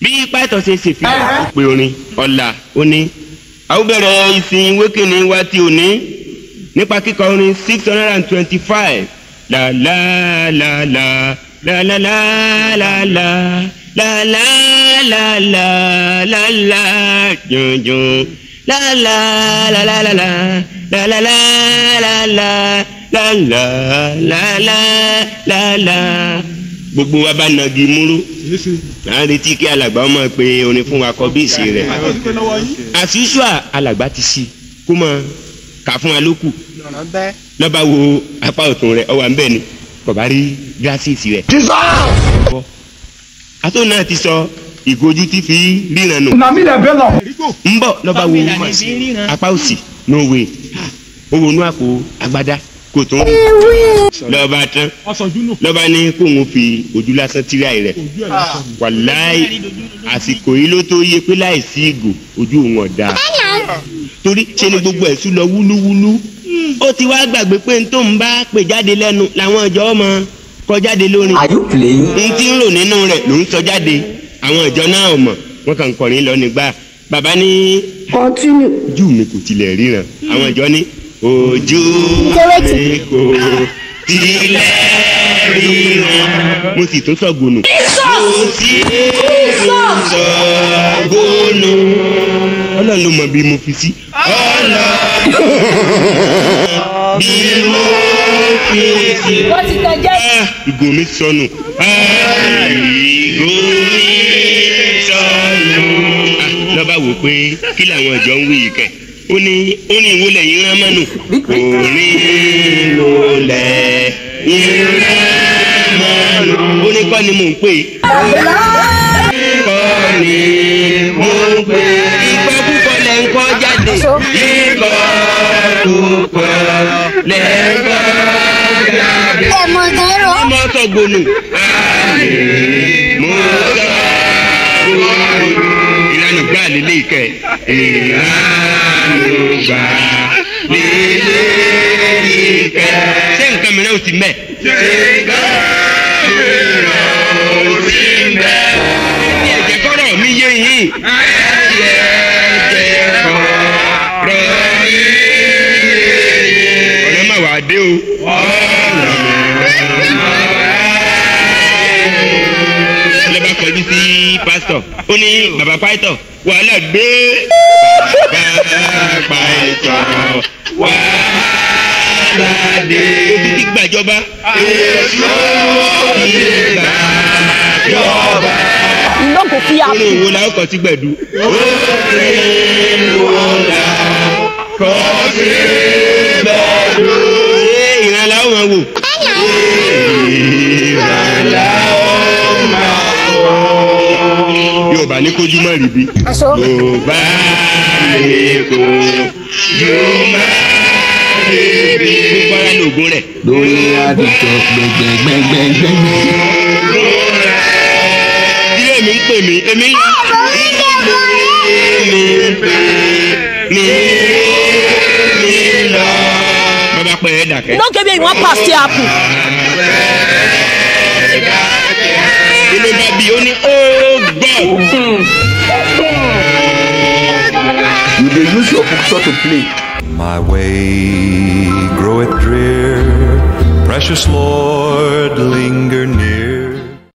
bí pàtó ṣe ṣe fi pé orin ọ̀la ó ní. àwọn bẹ̀rẹ̀ ìsìn wékìnní wa ti òní nípa kíkọ orin six hundred and twenty five la la la la jọjọ la la la la la la la la la la la la la la la la gbogbo wa bá nagi múrú à ń retí kí alàgbà ọmọ pé orin fún wa kọ bíìsì rẹ àfihàn alàgbà ti si kó mọ kà fún wa lókù lọ́ba wo apá ọ̀tún rẹ ọwà ńbẹ ni kọ̀bá rí gíláṣíìsì rẹ. àtò náà ti sọ ìgójú ti fi ríran nù. nàmi lè bẹ́ lọ. ń bọ̀ lọ́ba wo apá òsì no way owó inú àpò agbádá kó tún lọ́ba tán lọ́ba ní kóun fi ojú lásán tíra rẹ̀ wàláì àsìkò yìí ló tó yẹ pé láì ìgò ojú òun ọ̀dà torí ṣe ni gbogbo ẹ̀sùn lọ wúlúwúlú ó ti wá gbàgbé pé tó ń bá pè jáde lẹ́nu làwọn ìjọ ọmọ kọjáde lórin n ti ń rò nínú rẹ̀ ló ń sọ jáde àwọn ìjọ náà ò mọ̀ kàn ń kọrin lọ nígbà bàbá ní. kọ́ńtínú. jù mí kò tilẹ̀ ríran àwọn ìjọ ní ojú mi kò tilẹ̀ ríran. mo sì tún sọ̀gbọ̀nù. mo sì tún sọ̀gbọ̀nù. ọlọ́run ló mọ bí mo fi sí. ọlọ́run bí mo fi sí. wọ́n ti tẹ̀ jẹ́. Ah, ìgò mi sọnù. Ah, ìgò mi sọnù. Ah, lọ́ba wò pé kí làwọn ìjọ ń wí yìí kẹ́ ó ní ó ní ìwọlẹ̀ yìí rán mọ́nù. orin ló lẹ̀ ìrẹ́ mọ́nù. ó ní kọ́ ni mò ń pè é. kọ́ ni mò ń pè é. ìgbọ́ púpọ̀ lẹ̀ ń kọ́ jáde. ìgbọ́ púpọ̀ lẹ̀ ń kọ́ jáde. ọmọ gẹ́rọ. ọmọ sọ̀gbọ̀nù. àmì mo sọ̀gbọ̀nù. ìlànà gbáà lélẹ́yìí kẹ́ ìlànà lùgbà nílé ìkẹ́. ṣé nǹkan mìíràn ò ti mẹ́. ṣé nǹkan mìíràn ò ti mẹ́. ẹni ẹ̀jẹ̀ kọ́rọ̀ mi yé yín. ayẹyẹ ẹ̀jẹ̀ kọ́rọ̀ mi yé yín. ọ̀rẹ́ mà wá dé o. ọ̀rẹ́. pásítọ̀ ó ní bàbá pásítọ̀ wàhálà gbé. bàbá pásítọ̀ wàhálà dé. èsì ti gbàjọba. èso ti gbàjọba. lóko kí a. orin wo la ó kọ sí gbẹ̀du. orin wo la kọ sí gbẹ̀du. ìran la ó máa wò. yorùbá ní kójú má rí bí. yorùbá ní kójú má rí bí. gbogbo ara ní ògùn rẹ̀. lórí àdìsọ gbẹgbẹgbẹgbẹ. ilé mi ń pè mí èmi. ọ̀rọ̀ ìjọba mi ń pè mí mi lọ. bàbá pẹ̀ ẹ́ dàkẹ́. lókè bí wọ́n pàṣẹ àpò. bàbá bá bí ó ní You dey use your picture to play. My way groweth drear, precious Lord, linger near.